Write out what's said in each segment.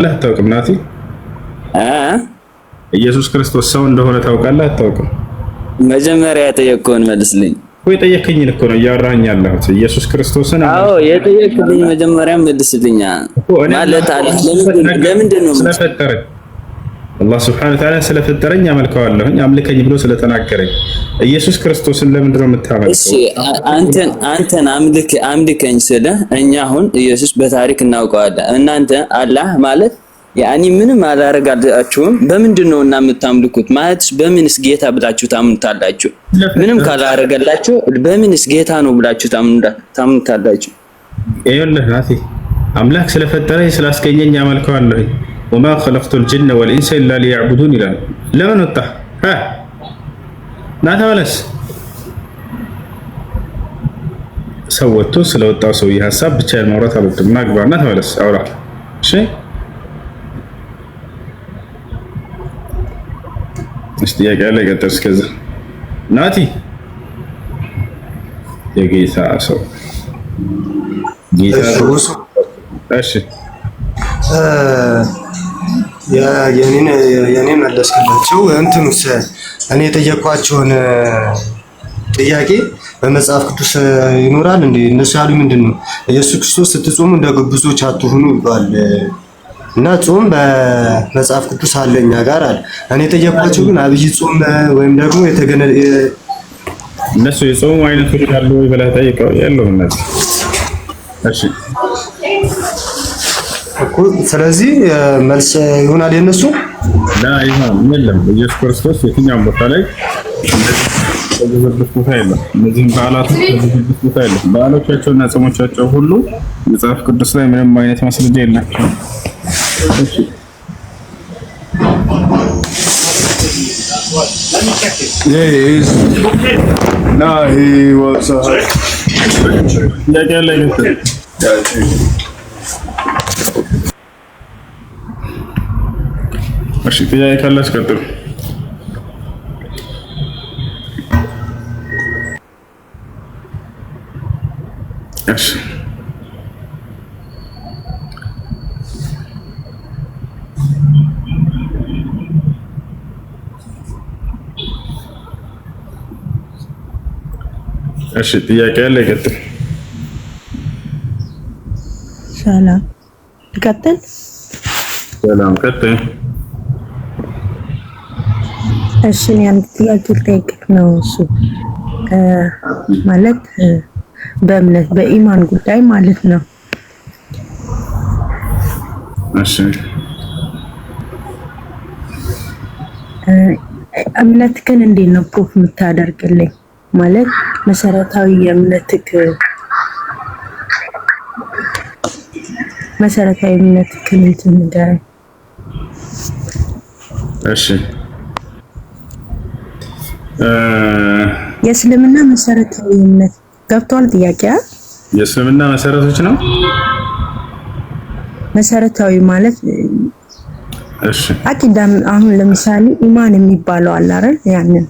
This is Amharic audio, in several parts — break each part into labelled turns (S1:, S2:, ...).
S1: ታውቃለህ አታውቅም? ናቲ ኢየሱስ ክርስቶስ ሰው እንደሆነ ታውቃለህ አታውቅም?
S2: መጀመሪያ የጠየቅከውን መልስልኝ።
S1: ወይ ጠየቅከኝን እኮ ነው እያወራኸኝ ያለሁት። ኢየሱስ ክርስቶስን
S2: አዎ፣ የጠየቅከኝ መጀመሪያ መልስልኛ ማለት አለ።
S1: ለምንድን ነው አላህ ስብሐነ ወተዓላ ስለፈጠረኝ አመልከዋለሁኝ አምልከኝ ብሎ ስለተናገረኝ ኢየሱስ ክርስቶስን
S2: ለምንድን ነው የምታመልከው? እሺ አንተን አንተን አምልክ አምልከኝ ስለ እኛ አሁን ኢየሱስ በታሪክ እናውቀዋለን። እናንተ አላህ ማለት ያኒ ምንም አላረጋችሁም። በምንድን ነው እና የምታምልኩት ማለት በምንስ ጌታ ብላችሁ ታምኑታላችሁ? ምንም ካላረጋላችሁ በምንስ ጌታ ነው ብላችሁ ታምኑታላችሁ?
S1: ይኸውልህ ናቲ አምላክ ስለፈጠረኝ ስላስገኘኝ አመልከዋለሁኝ وما خلقت الجن والانس الا ليعبدون الى لا الطح ها لا ناتا ولس سوتو سلو تاو سوي حساب بتاعي المرات على ما اقبل ناتا لا اورا شي اشتي قال لك انت كذا ناتي يا جيسا اسو جيسا
S2: اشي آه. የኔ መለስክላቸው። እንትኑስ እኔ የጠየኳቸውን ጥያቄ በመጽሐፍ ቅዱስ ይኖራል እንዴ? እነሱ ያሉ ምንድን ነው ኢየሱስ ክርስቶስ ስትጾሙ እንደ ግብዞች አትሁኑ ይባል እና ጾም በመጽሐፍ ቅዱስ አለኛ ጋር አለ። እኔ የጠየኳቸው ግን አብይ ጾም ወይም ደግሞ የተገነ
S1: እነሱ የጾሙ አይነቶች አሉ ብለህ ጠይቀው ያለው እነሱ እሺ
S2: ስለዚህ መልስ ይሆናል የነሱ
S1: የለም። ኢየሱስ ክርስቶስ የትኛውም ቦታ ላይ የተገዘበት ቦታ የለም። እነዚህም በዓላት የተገዘበት ቦታ የለም። በዓሎቻቸውና ጾሞቻቸው ሁሉ መጽሐፍ ቅዱስ ላይ ምንም አይነት ማስረጃ የላቸውም። ጥያቄ ያለ እሺ ጥያቄ ካለ አስቀጥሉ። እሺ እሺ ጥያቄ ያለ ይቀጥል።
S3: ሰላም ትቀጥል።
S1: ሰላም ቀጥል።
S3: እሺ እኔ አንድ ጥያቄ ልጠይቅህ ነው። እሱ ማለት በእምነት በኢማን ጉዳይ ማለት ነው። እሺ እምነት እምነትህን እንዴት ነው ፕሩፍ የምታደርግልኝ? ማለት መሰረታዊ የእምነትህ መሰረታዊ እምነትህን እንትን ንገረኝ። እሺ የእስልምና መሰረታዊነት ገብቷል። ጥያቄ
S1: የእስልምና መሰረቶች ነው።
S3: መሰረታዊ ማለት እሺ፣ አቂዳ አሁን ለምሳሌ ኢማን የሚባለው አለ አይደል? ያንን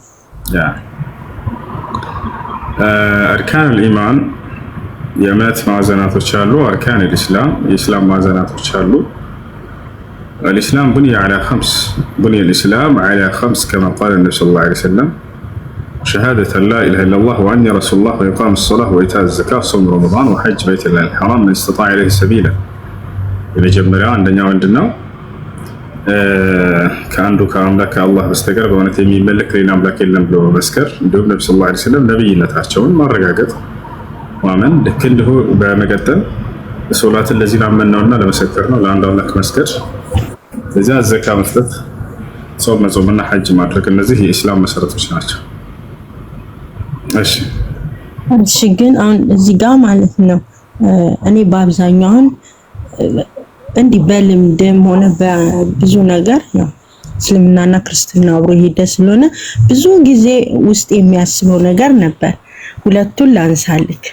S1: አርካን ኢማን የእምነት ማዕዘናቶች አሉ። አርካን ኢስላም የእስላም ማዕዘናቶች አሉ። الاسلام بني على خمس بني الاسلام على خمس كما قال النبي صلى الله عليه ሸሃደተ ላ ኢላሃ ኢለላህ ወአኒ ረሱሉላህ ወኢቃም ሰላህ ወኢታእ ዘካ ሶም ረመዳን ወሐጅ በይተላል ሐራም መን ስተጣዐ ኢለይሂ ሰቢላ። የመጀመሪያው አንደኛው ምንድን ነው? ከአንዱ ከአምላክ ከአላህ በስተቀር በእውነት የሚመለክ ሌላ አምላክ የለም ብሎ መመስከር፣ እንዲሁም ነቢ ስ ላ ስለም ነቢይነታቸውን ማረጋገጥ ማመን። ልክ እንዲሁ በመቀጠል ሶላትን ለዚህ ላመን ነውና ለመሰከር ነው ለአንድ አምላክ መስገድ፣ ለዚያ ዘካ መስጠት፣ ጾም መጾምና ሐጅ ማድረግ እነዚህ የኢስላም መሰረቶች ናቸው።
S3: እሺ፣ ግን አሁን እዚህ ጋር ማለት ነው እኔ በአብዛኛው አሁን እንዲህ በልምድም ሆነ በብዙ ነገር ነው እስልምናና ክርስትና አብሮ ሄደ ስለሆነ ብዙ ጊዜ ውስጥ የሚያስበው ነገር ነበር። ሁለቱን ላንሳልክ።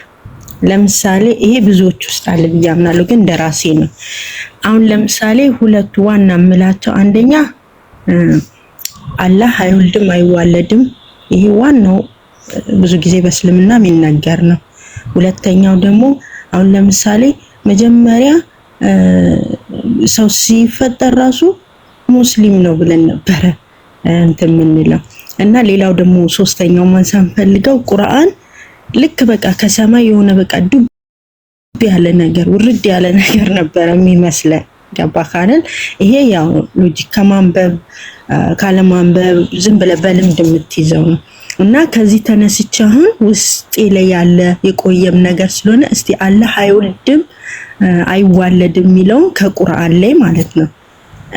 S3: ለምሳሌ ይሄ ብዙዎች ውስጥ አለ ብዬ አምናለሁ፣ ግን እንደራሴ ነው። አሁን ለምሳሌ ሁለቱ ዋና የምላቸው አንደኛ አላህ አይወልድም አይዋለድም፣ ይሄ ዋናው ብዙ ጊዜ በእስልምና የሚነገር ነው። ሁለተኛው ደግሞ አሁን ለምሳሌ መጀመሪያ ሰው ሲፈጠር ራሱ ሙስሊም ነው ብለን ነበረ እንትን የምንለው እና ሌላው ደግሞ ሶስተኛው ማንሳት ፈልገው ቁርአን ልክ በቃ ከሰማይ የሆነ በቃ ዱብ ያለ ነገር ውርድ ያለ ነገር ነበረ የሚመስለን ገባ ይሄ ያው ሎጂክ ከማንበብ ካለማንበብ ዝም ብለህ በልምድ የምትይዘው ነው። እና ከዚህ ተነስቼ አሁን ውስጤ ላይ ያለ የቆየም ነገር ስለሆነ እስቲ አላህ አይወልድም አይዋለድም የሚለውን ከቁርአን ላይ ማለት ነው።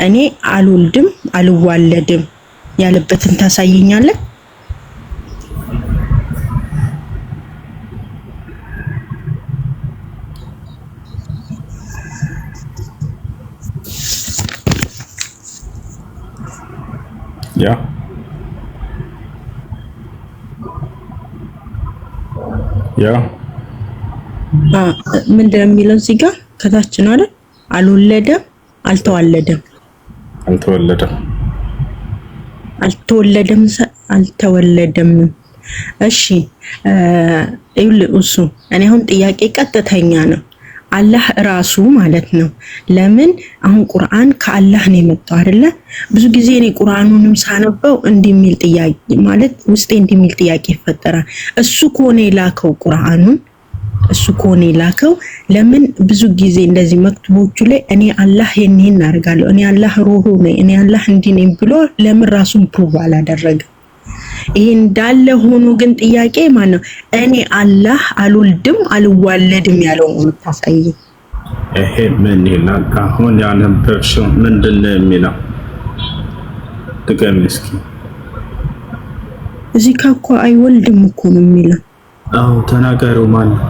S3: እኔ አልወልድም አልዋለድም ያለበትን ታሳየኛለን። ያ ምንድን ነው የሚለው እዚህ ጋር ከታች ነው አይደል? አልወለደም፣ አልተዋለደም፣
S1: አልተወለደም፣
S3: አልተወለደም፣ አልተወለደም። እሺ ይኸውልህ እሱ እኔ አሁን ጥያቄ ቀጥተኛ ነው አላህ ራሱ ማለት ነው። ለምን አሁን ቁርአን ከአላህ ነው የመጣው አይደለ? ብዙ ጊዜ እኔ ቁርአኑንም ሳነበው እንዲህ የሚል ጥያቄ ማለት ውስጤ እንዲህ የሚል ጥያቄ ይፈጠራል። እሱ ከሆነ የላከው ቁርአኑን እሱ ከሆነ የላከው ለምን ብዙ ጊዜ እንደዚህ መክትቦቹ ላይ እኔ አላህ ይሄን አደርጋለሁ፣ እኔ አላህ ሩሩ ነኝ፣ እኔ አላህ እንዲህ ነኝ ብሎ ለምን ራሱን ፕሩቭ አላደረገም? ይሄ እንዳለ ሆኖ ግን ጥያቄ ማን ነው? እኔ አላህ አልወልድም አልዋለድም ያለው ነው የምታሳይ።
S1: ይሄ ምን ይላል? አሁን ያነበብሽው ምንድን ነው የሚለው? ድገሚ እስኪ።
S3: እዚህ ከኮ አይወልድም እኮ ነው የሚለው።
S1: አዎ ተናጋሪው ማን ነው?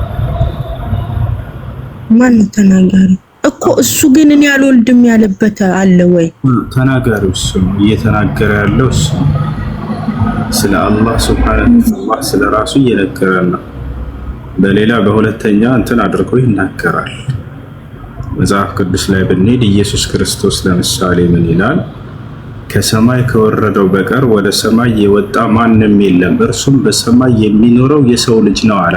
S3: ማን ተናጋሪው እኮ እሱ ግን እኔ አልወልድም ያለበት አለ ወይ?
S1: ተናጋሪው እሱ ነው እየተናገረ ያለው እሱ ነው ስለ አላህ ስብሓነሁ ወተዓላ ስለ ራሱ እየነገረን ነው። በሌላ በሁለተኛ እንትን አድርጎ ይናገራል። መጽሐፍ ቅዱስ ላይ ብንሄድ ኢየሱስ ክርስቶስ ለምሳሌ ምን ይላል? ከሰማይ ከወረደው በቀር ወደ ሰማይ የወጣ ማንም የለም፣ እርሱም በሰማይ የሚኖረው የሰው ልጅ ነው አለ።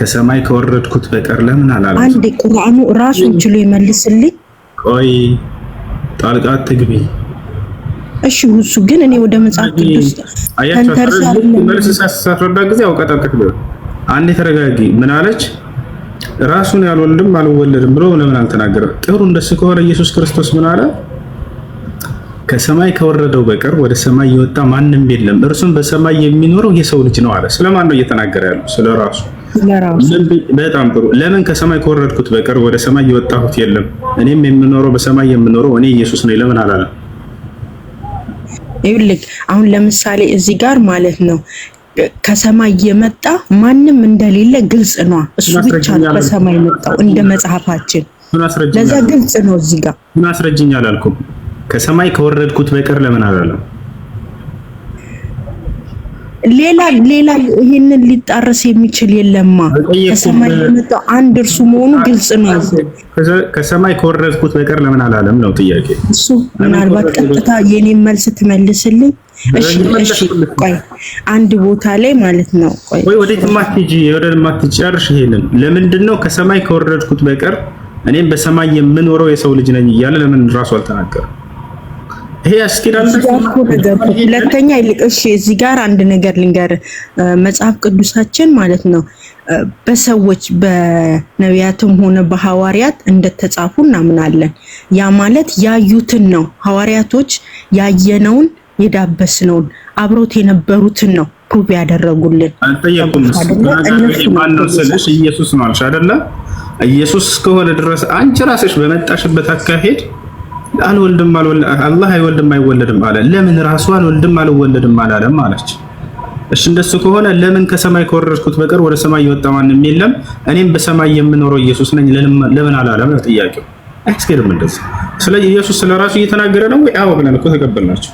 S1: ከሰማይ ከወረድኩት በቀር ለምን
S3: አላለ? አንድ ቁርአኑ ራሱ ችሎ ይመልስልኝ።
S1: ቆይ ጣልቃት ትግቢ
S3: እሺ እሱ ግን እኔ ወደ መጽሐፍ ቅዱስ
S1: ሳትረዳ ጊዜ አውቀጠቅጥ ቢሆን አንዴ ተረጋጊ። ምን አለች? ራሱን ያልወልድም አልወለድም ብሎ ለምን አልተናገረም? ጥሩ እንደሱ ከሆነ ኢየሱስ ክርስቶስ ምን አለ? ከሰማይ ከወረደው በቀር ወደ ሰማይ የወጣ ማንም የለም፣ እርሱም በሰማይ የሚኖረው የሰው ልጅ ነው አለ። ስለማን ነው እየተናገረ ያለው? ስለ ራሱ። በጣም ጥሩ። ለምን ከሰማይ ከወረድኩት በቀር ወደ ሰማይ የወጣሁት የለም፣ እኔም የምኖረው በሰማይ የምኖረው እኔ ኢየሱስ ነኝ ለምን አላለም?
S3: ይኸውልህ አሁን ለምሳሌ እዚህ ጋር ማለት ነው ከሰማይ የመጣ ማንም እንደሌለ ግልጽ ነው። እሱ ብቻ ነው ከሰማይ የመጣው እንደ መጽሐፋችን። ለዛ ግልጽ ነው እዚህ ጋር
S1: ምን አስረጅኛል አልኩም። ከሰማይ ከወረድኩት በቀር ለምን አላለም?
S3: ሌላ ሌላ ይሄንን ሊጣረስ የሚችል የለማ። ከሰማይ የመጣው አንድ እርሱ መሆኑ ግልጽ ነው።
S1: ከሰማይ ከወረድኩት በቀር ለምን አላለም ነው ጥያቄ።
S3: እሱ ምናልባት ቀጥታ የኔን መልስ ትመልስልኝ። እሺ እሺ፣ ቆይ አንድ ቦታ ላይ ማለት ነው።
S1: ቆይ ወይ ወዴት ማትጂ ወደ ማትጨርሽ ይሄንን ለምንድን ነው ከሰማይ ከወረድኩት በቀር እኔም በሰማይ የምኖረው የሰው ልጅ ነኝ እያለ ለምን ራሱ አልተናገረም?
S3: ሁለተኛ እሺ፣ እዚህ ጋር አንድ ነገር ልንገር። መጽሐፍ ቅዱሳችን ማለት ነው በሰዎች በነቢያትም ሆነ በሐዋርያት እንደተጻፉ እናምናለን። ያ ማለት ያዩትን ነው። ሐዋርያቶች ያየነውን የዳበስነውን አብሮት የነበሩትን ነው ፕሩቭ ያደረጉልን።
S1: አልጠየቁም። ኢየሱስ ነው አልሽ አይደለ? ኢየሱስ እስከሆነ ድረስ አንቺ ራስሽ በመጣሽበት አካሄድ አልወልድም አላህ አይወልድም አይወለድም አለ። ለምን ራሱ አልወልድም አልወለድም አላለም አለች። እሺ እንደሱ ከሆነ ለምን ከሰማይ ከወረድኩት በቀር ወደ ሰማይ የወጣ ማንም የለም፣ እኔም በሰማይ የምኖረው ኢየሱስ ነኝ ለምን አላለም ነው ጥያቄው። አያስኬድም እንደዚህ። ስለዚህ ኢየሱስ ስለ ራሱ እየተናገረ ነው ወይ? አዎ ብለን እኮ ተቀበልናቸው።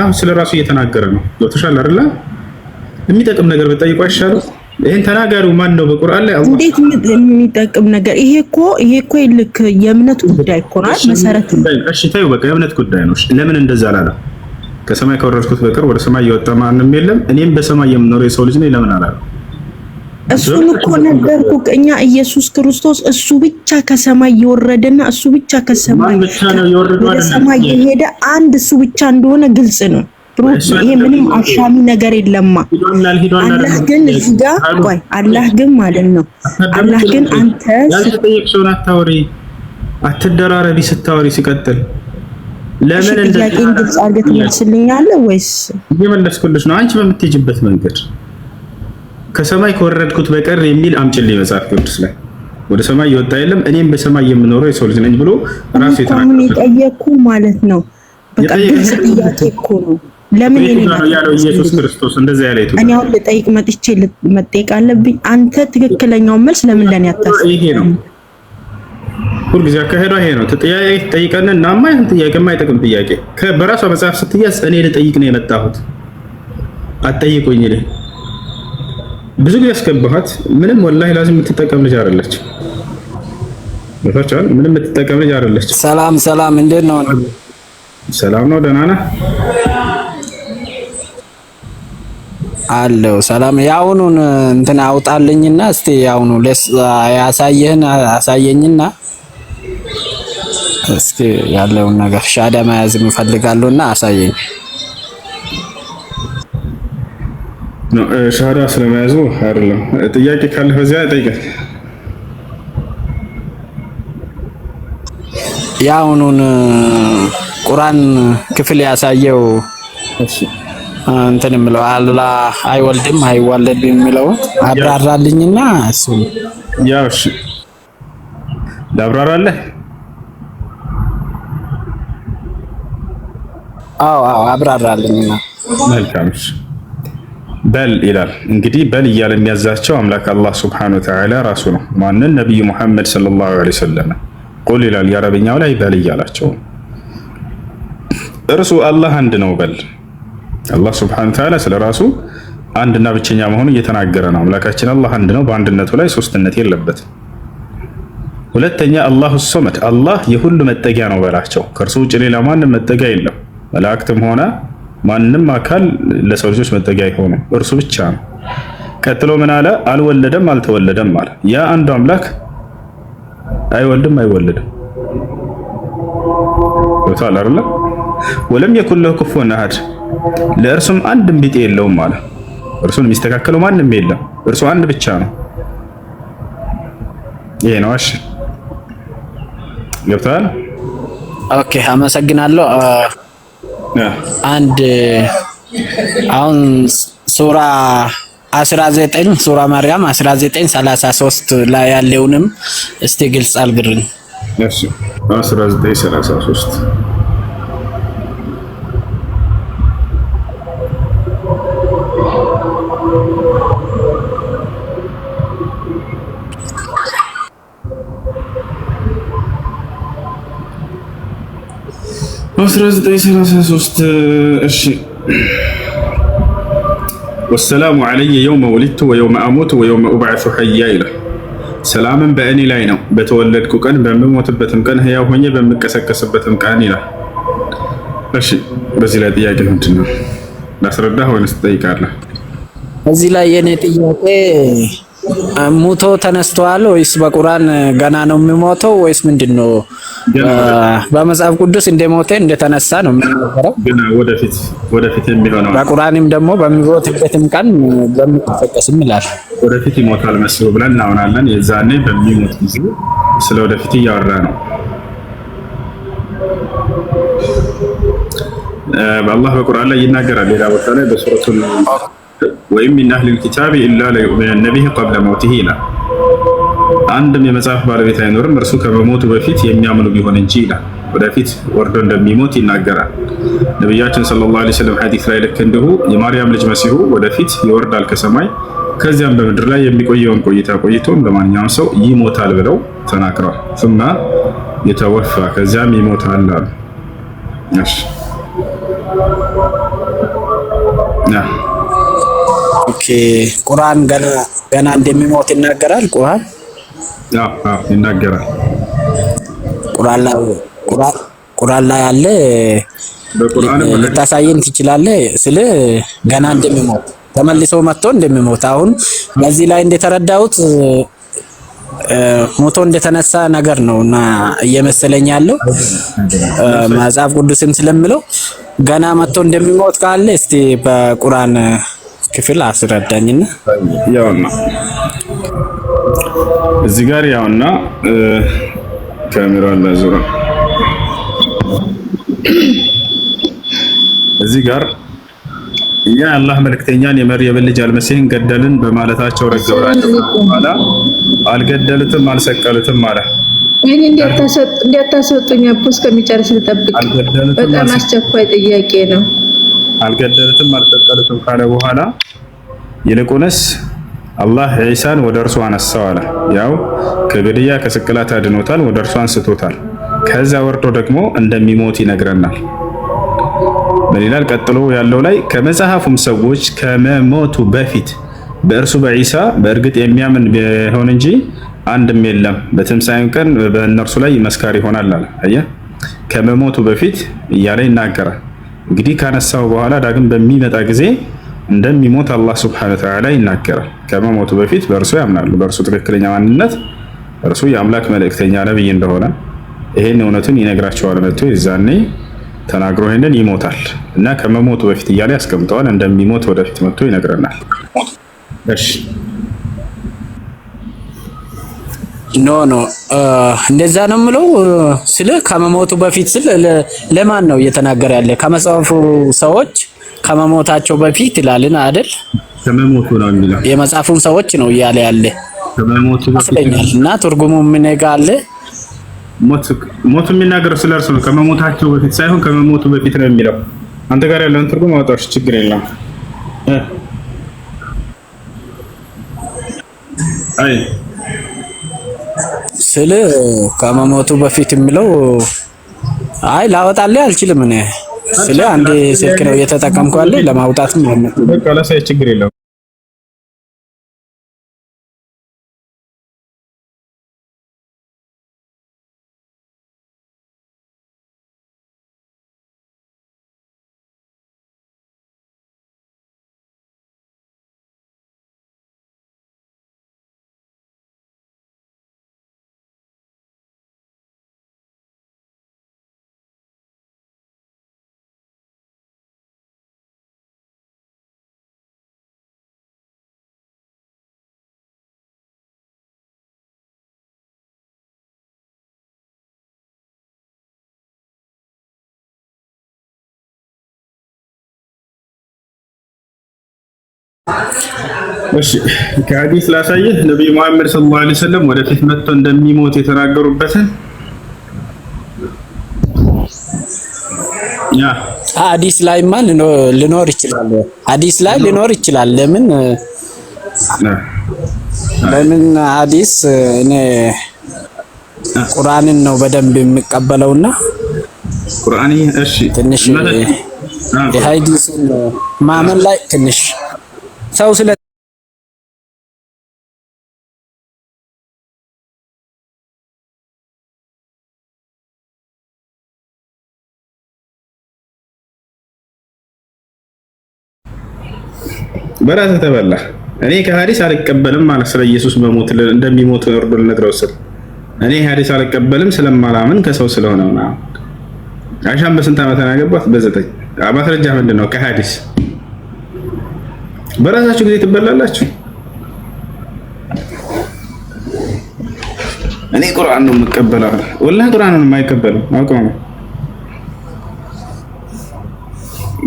S1: አሁን ስለ ራሱ እየተናገረ ነው። ገብቶሻል አይደለ? የሚጠቅም ነገር ብጠይቁ አይሻልም? ይህን ተናገሩ። ማን ነው? በቁርአን ላይ
S3: አላህ እንዴት የሚጠቅም ነገር ይሄ እኮ ይሄ እኮ ይልክ የእምነት ጉዳይ እኮ ነው። መሰረት
S1: እሺ፣ ታዩ በቃ የእምነት ጉዳይ ነው። ለምን እንደዛ አላለ? ከሰማይ ከወረድኩት በቀር ወደ ሰማይ የወጣ ማንም የለም፣ እኔም በሰማይ የምኖር የሰው ልጅ ነኝ ለምን አላለ?
S3: እሱን እኮ ነገርኩ። እኛ ኢየሱስ ክርስቶስ እሱ ብቻ ከሰማይ የወረደና እሱ ብቻ ከሰማይ ወደ ሰማይ የሄደ አንድ እሱ ብቻ እንደሆነ ግልጽ ነው። ይሄ ምንም አሻሚ ነገር የለማ። አላህ ግን እዚህ ጋ ቆይ፣ አላህ ግን ማለት ነው አላህ ግን አንተ
S1: ያልተጠየቅሽውን አታወሪ፣ አትደራረቢ ስታወሪ። ሲቀጥል
S3: ለምን ጥያቄን ግልጽ አድርገህ ትመልስልኛለህ ወይስ
S1: እየመለስኩልሽ ነው? አንቺ በምትሄጂበት መንገድ ከሰማይ ከወረድኩት በቀር የሚል አምጪልኝ መጽሐፍ ቅዱስ ላይ ወደ ሰማይ የወጣ የለም። እኔም በሰማይ የምኖረው የሰው ልጅ ነኝ ብሎ
S3: ራሱ የተናገረው የጠየቅኩህ ማለት ነው። በቃ ግልጽ ጥያቄ እኮ ነው። ለምን
S1: ያለው ኢየሱስ ክርስቶስ እንደዚህ ያለ ይቱ
S3: እኔ አሁን ልጠይቅ መጥቼ መጠየቅ አለብኝ። አንተ ትክክለኛውን መልስ ለምን ለኔ
S1: አታስብ? ይሄ ነው ሁልጊዜ አካሄዷ ይሄ ነው። ጥያቄ ትጠይቀን እና ማይን ጥያቄ ማይጠቅም ጥያቄ በራሷ መጽሐፍ ስትያዝ እኔ ልጠይቅ ነው የመጣሁት አጠይቁኝ ይልህ ብዙ ጊዜ ያስገባሃት ምንም ወላሂ ላዚም የምትጠቀም ልጅ አይደለች። ወታቻል ምንም የምትጠቀም ልጅ አይደለች።
S2: ሰላም ሰላም፣ እንዴት ነው?
S1: ሰላም ነው፣ ደህና ነህ?
S2: አለው ሰላም የአሁኑን እንትን አውጣልኝና እስቲ ያሁኑ ያሳየህን አሳየኝና እስቲ ያለውን ነገር ሻዳ መያዝ እንፈልጋለሁና አሳየኝ።
S1: ሻዳ ስለመያዙ አይደለም ጥያቄ ካለ በዚያ ጠይቀህ።
S2: የአሁኑን ቁርአን ክፍል ያሳየው እሺ እንትን የምለው አላ አይወልድም አይዋለድም የሚለው አብራራልኝና እሱ
S1: ያው እሺ ላብራራለህ?
S2: አዎ አዎ አብራራልኝና
S1: መልካም በል ይላል እንግዲህ በል እያለ የሚያዛቸው አምላክ አላህ ሱብሓነሁ ወተዓላ ራሱ ነው። ማንን ነብዩ መሐመድ ሰለላሁ ዐለይሂ ወሰለም ቁል ይላል የአረብኛው ላይ በል እያላቸው እርሱ አላህ አንድ ነው በል አላህ ስብሐነሁ ወተዓላ ስለ ራሱ አንድና ብቸኛ መሆኑ እየተናገረ ነው። አምላካችን አላህ አንድ ነው። በአንድነቱ ላይ ሶስትነት የለበትም። ሁለተኛ አላሁ ሶመድ አላህ የሁሉ መጠጊያ ነው በላቸው። ከእርሱ ውጭ ሌላ ማንም መጠጊያ የለም። መላእክትም ሆነ ማንም አካል ለሰው ልጆች መጠጊያ የሆኑ እርሱ ብቻ ነው። ቀጥሎ ምን አለ? አልወለደም አልተወለደም አለ። ያ አንዱ አምላክ አይወልድም አይወለድም። ወታላርለ ወለም የኩን ለሁ ኩፉወን አሐድ ለእርሱም አንድም ቢጤ የለውም አለ። እርሱን የሚስተካከለው ማንም የለም፣ እርሱ አንድ ብቻ ነው። ይሄ ነው። እሺ ገብተዋል።
S2: ኦኬ፣ አመሰግናለሁ። አንድ አሁን ሱራ 19 ሱራ ማርያም 19 33 ላይ ያለውንም እስቲ ግልጽ አልግርን።
S1: እሺ 19 33 በ1933 እሺ ወሰላሙ አለየ የውመ ወሊድቱ ወየውመ አሞቱ ወየውመ ኡብዐሱ ሐያ ይላል። ሰላምን በእኔ ላይ ነው በተወለድኩ ቀን በምሞትበትም ቀን ህያው ሆኜ በምቀሰቀስበትም ቀን ይላል። እሺ በዚህ ላይ ጥያቄ ምንድን ነው? ላስረዳህ ወይንስ ትጠይቃለህ?
S2: እዚህ ላይ የኔ ጥያቄ ሙቶ ተነስተዋል ወይስ በቁርአን ገና ነው የሚሞተው ወይስ ምንድን ነው? በመጽሐፍ ቅዱስ እንደሞተ እንደተነሳ ነው
S1: የምንነገረው። ግን ወደፊት ወደፊት
S2: የሚሆነው በቁርአንም ደግሞ በሚሞትበትም ቀን በሚቀሰቀስም ይላል።
S1: ወደፊት ይሞታል መስሉ ብለን እናሆናለን። የዛኔ በሚሞት ጊዜ ስለ ወደፊት እያወራ ነው። በአላህ በቁርአን ላይ ይናገራል። ሌላ ቦታ ላይ በሱረቱ ወይም ሚን አህሊል ኪታቢ ኢላ ለዩእሚነነ ቢሂ ቀብለ መውቲሂ ይላል። አንድም የመጽሐፍ ባለቤት አይኖርም እርሱ ከመሞቱ በፊት የሚያምኑ ቢሆን እንጂ ይላል። ወደፊት ወርዶ እንደሚሞት ይናገራል። ነቢያችን ሰለላሁ ዐለይሂ ወሰለም ሐዲስ ላይ ልክ እንዲሁ የማርያም ልጅ መሲሁ ወደፊት ይወርዳል ከሰማይ ከዚያም በምድር ላይ የሚቆየውን ቆይታ ቆይቶ ለማንኛውም ሰው ይሞታል ብለው ተናግረዋል። ሱማ የተወፋ ከዚያም ይሞታል አሉ።
S2: ቁርአን ገና እንደሚሞት ይናገራል ቁርአን ይናገራል። ቁርአን ላይ አለ። ልታሳየን ትችላለህ ስል ገና እንደሚሞት ተመልሶ መጥቶ እንደሚሞት አሁን በዚህ ላይ እንደተረዳሁት ሞቶ እንደተነሳ ነገር ነው እና እየመሰለኝ ያለው መጽሐፍ ቅዱስም ስለምለው ገና መጥቶ እንደሚሞት ካለ እስቲ በቁርአን ክፍል አስረዳኝና
S1: ያው እዚህ ጋር ያውና ካሜራውን ላዙራ። እዚህ ጋር እኛ አላህ መልእክተኛን የመርየምን ልጅ አልመሲህን ገደልን በማለታቸው ረገብናቸው በኋላ አልገደሉትም፣ አልሰቀሉትም አለ።
S3: ይህን እንዲያታሰጡኝ አቦ እስከሚጨርስ ልጠብቅ። በጣም አስቸኳይ ጥያቄ ነው።
S1: አልገደሉትም፣ አልሰቀሉትም ካለ በኋላ ይልቁንስ አላህ ዒሳን ወደ እርሱ አነሳው አለ። ያው ከግድያ ከስቅላት አድኖታል፣ ወደ እርሱ አንስቶታል። ከዛ ወርዶ ደግሞ እንደሚሞት ይነግረናል። ምን ይላል? ቀጥሎ ያለው ላይ ከመጽሐፉም ሰዎች ከመሞቱ በፊት በእርሱ በዒሳ በእርግጥ የሚያምን ቢሆን እንጂ አንድም የለም፣ በትንሳኤም ቀን በእነርሱ ላይ መስካሪ ይሆናል አለ። አየህ፣ ከመሞቱ በፊት እያለ ይናገራል። እንግዲህ ካነሳው በኋላ ዳግም በሚመጣ ጊዜ እንደሚሞት አላህ ስብሐነ ወተዓላ ይናገራል። ከመሞቱ በፊት በእርሱ ያምናሉ። በእርሱ ትክክለኛ ማንነት እርሱ የአምላክ መልእክተኛ ነብይ እንደሆነ ይሄን እውነቱን ይነግራቸዋል። መጥቶ የዛኔ ተናግሮ ይሄንን ይሞታል እና ከመሞቱ በፊት እያለ ያስቀምጠዋል። እንደሚሞት ወደፊት መጥቶ ይነግረናል። እሺ
S2: ኖ ኖ እንደዛ ነው የምለው ስለ ከመሞቱ በፊት ስለ ለማን ነው እየተናገረ ያለ ከመጽሐፉ ሰዎች ከመሞታቸው በፊት ይላልን አይደል?
S1: ከመሞቱ ነው
S2: የሚለው የመጽሐፉን ሰዎች ነው እያለ ያለ ከመሞቱ በፊት እና ትርጉሙ ምን አለ?
S1: ሞት የሚናገረው ስለ እርሱ ነው። ከመሞታቸው በፊት ሳይሆን ከመሞቱ በፊት ነው የሚለው። አንተ ጋር ያለውን ትርጉም አውጣሽ፣ ችግር የለም። አይ
S2: ስለ ከመሞቱ በፊት የሚለው አይ ላወጣልህ አልችልም እኔ ስለ አንድ ስልክ ነው እየተጠቀምኩ ያለ ለማውጣትም ነው። በቃ ችግር የለም
S1: እሺ ከሐዲስ ላሳየህ። ነቢዩ መሐመድ ሰለላሁ ዐለይሂ ወሰለም ወደፊት መጥቶ እንደሚሞት የተናገሩበትን
S2: ያ ሐዲስ ላይማ ሊኖር ይችላል። ሐዲስ ላይ ሊኖር ይችላል። ለምን ለምን ሐዲስ እኔ ቁርአንን ነው በደንብ የምቀበለውና
S1: ቁርአን እሺ
S2: ትንሽ የሐዲሱን ማመን ላይ ትንሽ ሰው ስለ በራስ ተበላ። እኔ ከሀዲስ አልቀበልም ማለት ስለ ኢየሱስ በሞት እንደሚሞት ወርዶ ልነግረው ስል እኔ ሀዲስ አልቀበልም ስለማላምን ከሰው ስለሆነ ነው። አይሻም በስንት ዓመት አገባት? በዘጠኝ ማስረጃ ምንድን ነው ከሀዲስ በራሳችሁ ጊዜ ትበላላችሁ። እኔ ቁርአን ነው የምቀበለው። ወላሂ ቁርአን ነው የማይቀበለው አውቀው ነው።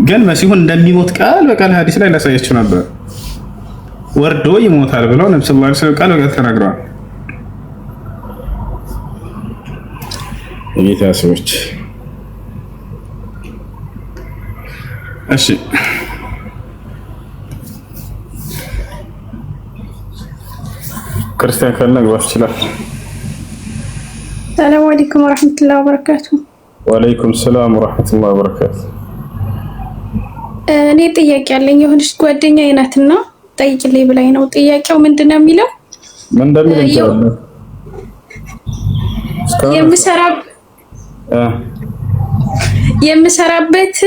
S2: ግን መሲሁን እንደሚሞት ቃል በቃል ሀዲስ ላይ ላሳያችሁ ነበር። ወርዶ ይሞታል ብለው ነብዩ ሰለላሁ ዐለይሂ ቃል በቃል ተናግረዋል።
S1: የጌታ ሰዎች እሺ ክርስቲያን ካልን አግባት ይችላል።
S3: ሰላም አለይኩም ወራህመቱላሂ ወበረካቱ።
S1: ወአለይኩም ሰላም ወራህመቱላሂ ወበረካቱ።
S3: እኔ ጥያቄ አለኝ። የሆነች ጓደኛ አይናትና ጠይቅልኝ ብላኝ ነው። ጥያቄው ምንድነው የሚለው?
S1: ምን እንደሚለው የምሰራበት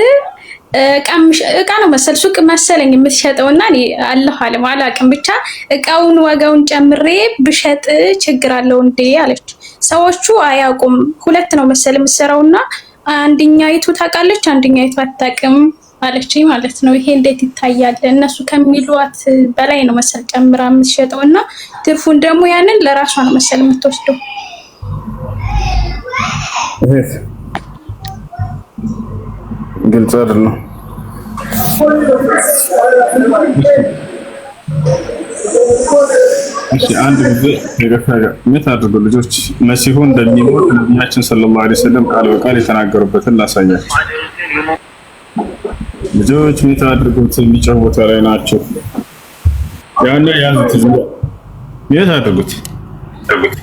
S3: እቃ ነው መሰል ሱቅ መሰለኝ የምትሸጠው እና አለሁ አለም አላውቅም። ብቻ እቃውን ዋጋውን ጨምሬ ብሸጥ ችግር አለው እንዴ አለች። ሰዎቹ አያውቁም። ሁለት ነው መሰል የምትሰራውና አንደኛይቱ ታውቃለች፣ ይቱ አታውቅም አለች ማለት ነው። ይሄ እንዴት ይታያል? እነሱ ከሚሏት በላይ ነው መሰል ጨምራ የምትሸጠው እና ትርፉን ደግሞ ያንን ለራሷ ነው መሰል የምትወስደው።
S1: ግልጽ አይደለም። እሺ አንድ ጊዜ የገፋጋ ምት አድርጉ ልጆች፣ መሲሁ እንደሚሞት ነቢያችን ሰለላሁ ዐለይሂ ወሰለም ቃል በቃል የተናገሩበትን ላሳያችሁ። ልጆች ምን አድርጉት፣ የሚጫወቱ ላይ ናቸው። ያውና ያዙት፣ ምት አድርጉት።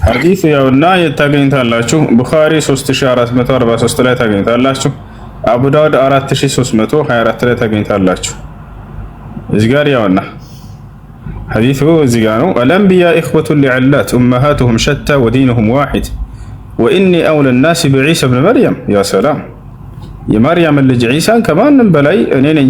S1: ሐዲስ ያውና የታገኝታላችሁ። ቡኻሪ 3443 ላይ ታገኝታላችሁ። አቡ ዳውድ 4324 ላይ ታገኝታላችሁ። እዚህ ጋር ያውና ሐዲሱ እዚህ ጋር ነው። አልአንቢያ ኢኽወቱ ሊዓላት ኡመሃቱሁም ሸታ ወዲኑሁም ዋሂድ ወኢኒ አውለ ናሲ ብዒሳ ብን መርያም ያ ሰላም የማርያምን ልጅ ዒሳን ከማንም በላይ እኔ ነኝ።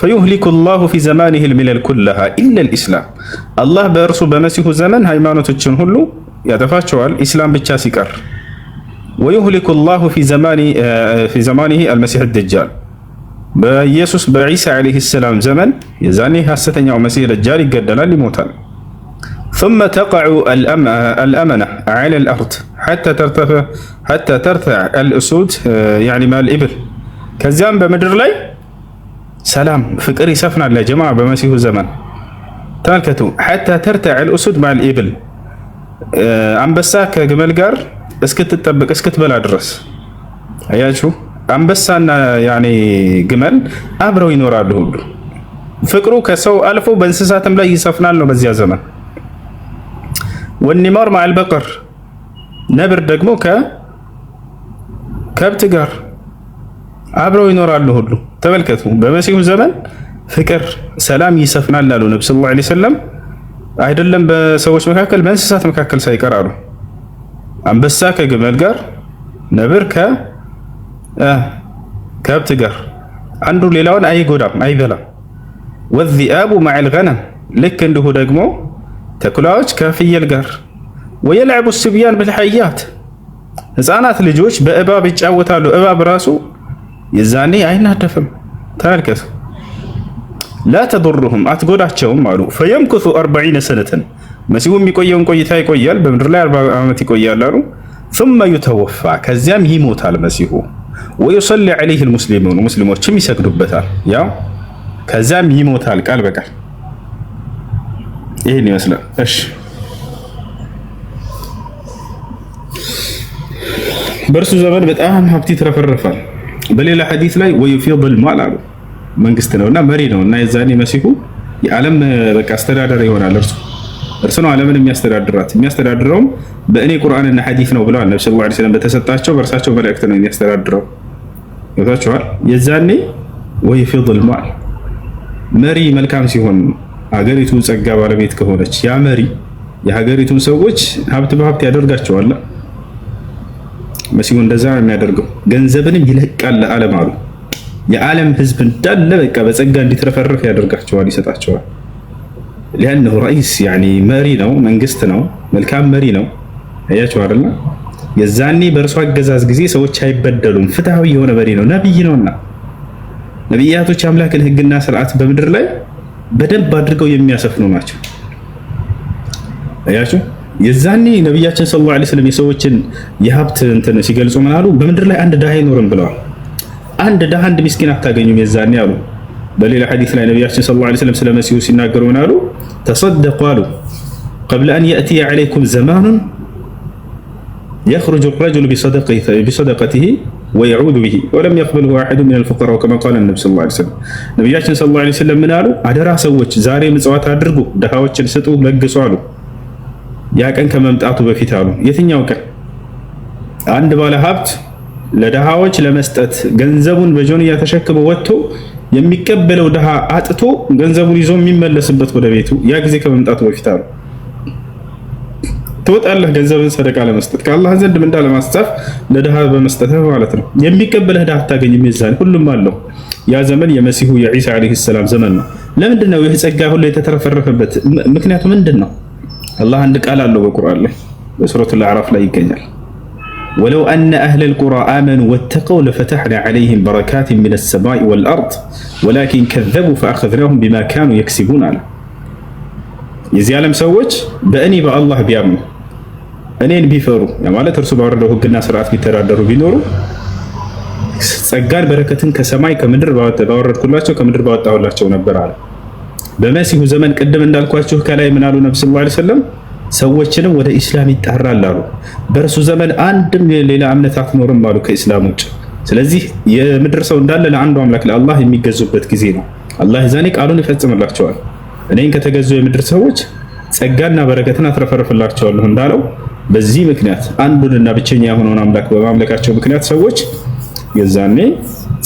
S1: ፈዩህሊኩ ላሁ ፊ ዘማኒህ ልሚለል ኩለሃ ኢለል ኢስላም። አላህ በእርሱ በመሲሁ ዘመን ሃይማኖቶችን ሁሉ ያጠፋቸዋል ኢስላም ብቻ ሲቀር። ወዩህሊኩ ላሁ ፊ ዘማኒህ አልመሲሕ ደጃል በኢየሱስ በዒሳ ዓለይህ ሰላም ዘመን የዛኔ ሐሰተኛው መሲህ ደጃል ይገደላል፣ ይሞታል። ثመ ተቀዑ አልአመና ዐላ ልአርድ ሐታ ተርተዕ አልእሱድ ያዕኒ ከዚያም በምድር ላይ ሰላም፣ ፍቅር ይሰፍናል ጀማ በመሲሁ ዘመን ተመልከቱ። ሐታ ተርተዕል ኡሱድ ማል ኢብል አንበሳ ከግመል ጋር እስክትጠብቅ እስክትበላ ድረስ አያችሁ። አንበሳና ያኔ ግመል አብረው ይኖራሉ ሁሉ ፍቅሩ ከሰው አልፎ በእንስሳትም ላይ ይሰፍናል ነው በዚያ ዘመን። ወኒማር ማዕል በቀር ነብር ደግሞ ከከብት ጋር አብረው ይኖራሉ ሁሉ። ተመልከቱ፣ በመሲሁ ዘመን ፍቅር፣ ሰላም ይሰፍናል አሉ ነብዩ ሰለላሁ ዐለይሂ ወሰለም። አይደለም በሰዎች መካከል በእንስሳት መካከል ሳይቀር አሉ። አንበሳ ከግመል ጋር፣ ነብር ከከብት ጋር አንዱ ሌላውን አይጎዳም፣ አይበላም። ወዚአቡ ማዕል ገነም ልክ እንዲሁ ደግሞ ተኩላዎች ከፍየል ጋር ወየልዕቡ ስብያን ብልሐያት ህፃናት ልጆች በእባብ ይጫወታሉ። እባብ ራሱ የዛኔ አይናደፍም። ተመልከቱ። ላ አትጎዳቸውም አሉ። ፈየምኩሱ አርበዒነ ሰነተን መሲሁ የሚቆየውን ቆይታ ይቆያል፣ በምድር ላይ አርባ ዓመት ይቆያል አሉ። ثم يتوفى ከዚያም ይሞታል መሲሁ ወዩሰሊ ዐለይሂ አልሙስሊሙን ሙስሊሞችም ይሰግዱበታል። ያው ከዚያም ይሞታል ቃል በቃል ይህን ይመስላል። እሺ በእርሱ ዘመን በጣም ሀብት ይትረፈረፋል። በሌላ ሐዲስ ላይ ወዩፊዱል ማል አሉ መንግስት ነውና መሪ ነውና የዛኔ መሲሁ የዓለም በቃ አስተዳደር ይሆናል። እርሱ እርሱ ነው ዓለምን የሚያስተዳድራት የሚያስተዳድረውም በእኔ ቁርአንና ሐዲስ ነው ብለዋል። ነብዩ ሰለላሁ ዐለይሂ ወሰለም በተሰጣቸው በእርሳቸው መልእክት ነው የሚያስተዳድረው። ይወታችኋል። የዛኔ ወዩፊዱል ማል መሪ መልካም ሲሆን ሀገሪቱ ጸጋ ባለቤት ከሆነች ያ መሪ የሀገሪቱን ሰዎች ሀብት በሀብት ያደርጋቸዋል። መሲሁ እንደዛ ነው የሚያደርገው። ገንዘብንም ቃል ለዓለም አሉ። የዓለም ህዝብ እንዳለ በቃ በጸጋ እንዲትረፈረፍ ያደርጋቸዋል፣ ይሰጣቸዋል። ሊአነሁ ረኢስ መሪ ነው፣ መንግስት ነው፣ መልካም መሪ ነው። አያቸው አይደለ? የዛኔ በእርሱ አገዛዝ ጊዜ ሰዎች አይበደሉም። ፍትሐዊ የሆነ መሪ ነው፣ ነቢይ ነውና ነቢያቶች አምላክን ህግና ስርዓት በምድር ላይ በደንብ አድርገው የሚያሰፍኑ ናቸው። አያቸው የዛኔ ነቢያችን ሰለላሁ ዐለይሂ ወሰለም የሰዎችን የሀብት እንትን ሲገልጹ ምን አሉ? በምድር ላይ አንድ ድሃ አይኖርም ብለዋል። አንድ ደሃ አንድ ምስኪን አታገኙም የዛኔ አሉ። በሌላ ሐዲስ ላይ ነቢያችን ሰለላሁ ዐለይሂ ወሰለም ስለ መሲሁ ሲናገሩ ምን አሉ? ተሰደቁ አሉ ቀብለ አን የእትየ ዐለይኩም ዘማኑን የኽሩጁ ረጁሉ ቢሰደቀቲሂ ወየዑዱ ቢሂ ወለም የቅበልሁ አሐዱ ሚነል ፉቀራ ወከማ ቃለ ነቢ ሰለላሁ ዐለይሂ ወሰለም። ነቢያችን ሰለላሁ ዐለይሂ ወሰለም ምን አሉ? አደራ ሰዎች ዛሬ ምጽዋት አድርጉ፣ ደሃዎችን ስጡ፣ ለግሱ አሉ። ያ ቀን ከመምጣቱ በፊት አሉ። የትኛው ቀን? አንድ ባለ ሀብት ለድሃዎች ለመስጠት ገንዘቡን በጆንያ ተሸክሞ ወጥቶ የሚቀበለው ድሃ አጥቶ ገንዘቡን ይዞ የሚመለስበት ወደ ቤቱ ያ ጊዜ ከመምጣቱ በፊት አሉ። ትወጣለህ ገንዘብን ሰደቃ ለመስጠት ከአላህ ዘንድ ምንዳ ለማስጻፍ ለድሃ በመስጠት ማለት ነው። የሚቀበለህ ድሃ አታገኝም። የዛን ሁሉም አለው። ያ ዘመን የመሲሁ የዒሳ ዓለይሂ ሰላም ዘመን ነው። ለምንድን ነው ይህ ጸጋ ሁሉ የተተረፈረፈበት ምክንያቱ ምንድን ነው? አላህ አንድ ቃል አለው በቁርአን ላይ በሱረቱል አዕራፍ ላይ ይገኛል። ወለው አነ አህለል ቁራ አመኑ ወተቀው ለፈተሕና ዓለይህም በረካት ሚነ ሰማኢ ወልአርድ ወላኪን ከዘቡ ፈአኸዝናሁም ቢማ ካኑ የክሲቡን አለ። የዚህ ዓለም ሰዎች በእኔ በአላህ ቢያምኑ እኔን ቢፈሩ ማለት እርሱ ባወረደው ህግና ስርዓት ቢተዳደሩ ቢኖሩ ጸጋን በረከትን ከሰማይ ከምድር ባወረድኩላቸው ከምድር ባወጣሁላቸው ነበር አለ። በመሲሁ ዘመን ቅድም እንዳልኳችሁ ከላይ ምናሉ ነቢ ስ ላ ሰለም ሰዎችንም ወደ ኢስላም ይጠራል አሉ። በእርሱ ዘመን አንድም ሌላ እምነት አትኖርም አሉ ከኢስላም ውጭ። ስለዚህ የምድር ሰው እንዳለ ለአንዱ አምላክ ለአላህ የሚገዙበት ጊዜ ነው። አላህ ዛኔ ቃሉን ይፈጽምላቸዋል። እኔን ከተገዙ የምድር ሰዎች ጸጋና በረከትን አትረፈርፍላቸዋለሁ እንዳለው በዚህ ምክንያት አንዱንና ብቸኛ የሆነውን አምላክ በማምለካቸው ምክንያት ሰዎች የዛኔ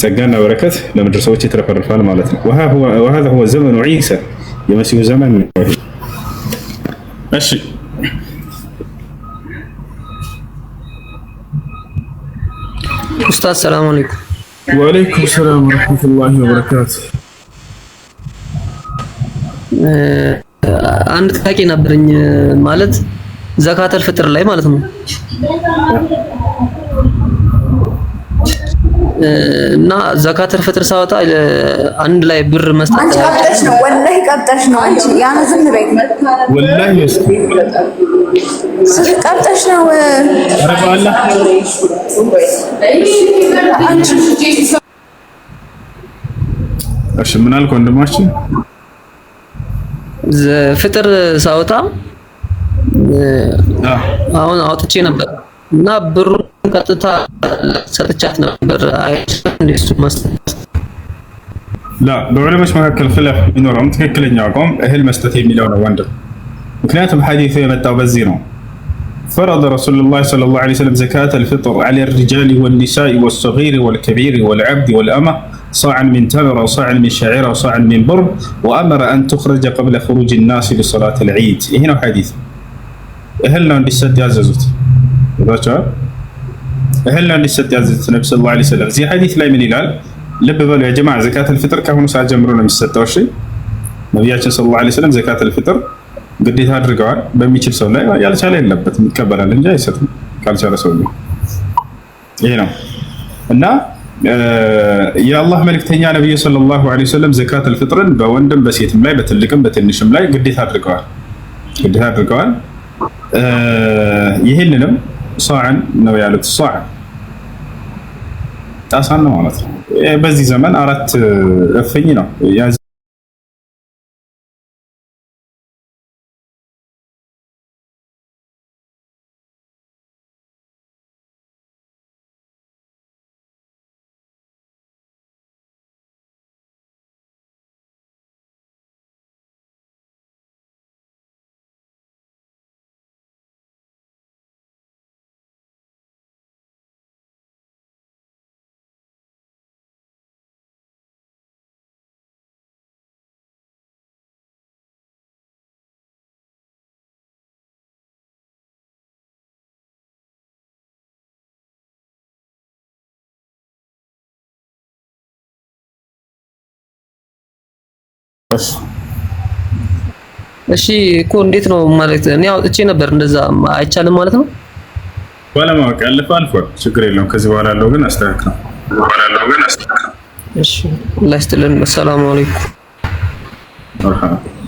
S1: ጸጋና በረከት ለምድር ሰዎች ይትረፈርፋል ማለት ነው። ወሀዛ ሁወ ዘመኑ ዒሳ የመሲሁ ዘመን ነው። እሺ
S2: ኡስታዝ ሰላም አለይኩም።
S1: ወአለይኩም ሰላም ወራህመቱላሂ ወበረካቱ።
S2: አንድ ጥያቄ ነበረኝ ማለት ዘካተል ፍጥር ላይ ማለት ነው እና ዘካተል ፍጥር ሳወጣ አንድ ላይ ብር
S3: መስጠት አንቺ ቀብጠሽ ነው፣ ወላሂ ቀብጠሽ ነው። አንቺ ያን ዝም በይ፣ ወላሂ ቀብጠሽ ነው። ኧረ በአላህ
S1: እሺ፣ ምን አልክ ወንድማችን?
S2: ፍጥር ሳወጣ አሁን አውጥቼ ነበር لا ብሩን ቀጥታ ሰጥቻት ነበር። አይሱ መስጠት
S1: ላ በዑለሞች መካከል ክለፍ ቢኖረውም ትክክለኛው አቋም እህል መስጠት የሚለው ነው فرض رسول الله صلى الله عليه وسلم زكاة الفطر على الرجال والنساء والصغير والكبير والعبد والأمة صاعا من تمر وصاعا من شعير وصاعا من بر وأمر أن تخرج قبل خروج الناس لصلاة العيد هنا حديث أهلنا بالسد بسد يعززت ይባቸዋል እህልና እንዲሰጥ ያዘዙት ነቢ ስ ላ ሰለም። እዚህ ሀዲት ላይ ምን ይላል? ልብ በሉ የጀማ ዘካተል ፍጥር ከአሁኑ ሰዓት ጀምሮ ነው የሚሰጠው። እሺ ነቢያችን ስ ላ ሰለም ዘካተል ፍጥር ግዴታ አድርገዋል። በሚችል ሰው ላይ ያልቻለ የለበትም፣ ይቀበላል እንጂ አይሰጥም ካልቻለ ሰው ይሄ ነው እና የአላህ መልእክተኛ ነቢዩ ሰለላሁ ዐለይሂ ወሰለም ዘካተል ፍጥርን በወንድም በሴትም ላይ በትልቅም በትንሽም ላይ ግዴታ አድርገዋል ግዴታ አድርገዋል። ይህንንም ሰዕን ነው ያሉት። ሰዕን ጣሳን ነው ማለት ነው። በዚህ ዘመን አራት እፍኝ ነው።
S2: እሺ እኮ እንዴት ነው ማለት እኔ አውጥቼ ነበር። እንደዛ አይቻልም ማለት ነው።
S1: ባለማወቅ ያለፈ አልፏል፣ ችግር የለውም። ከዚህ በኋላ ያለው ግን አስተካክለው።
S2: እሺ ላይስትልን። ሰላም
S1: አለይኩም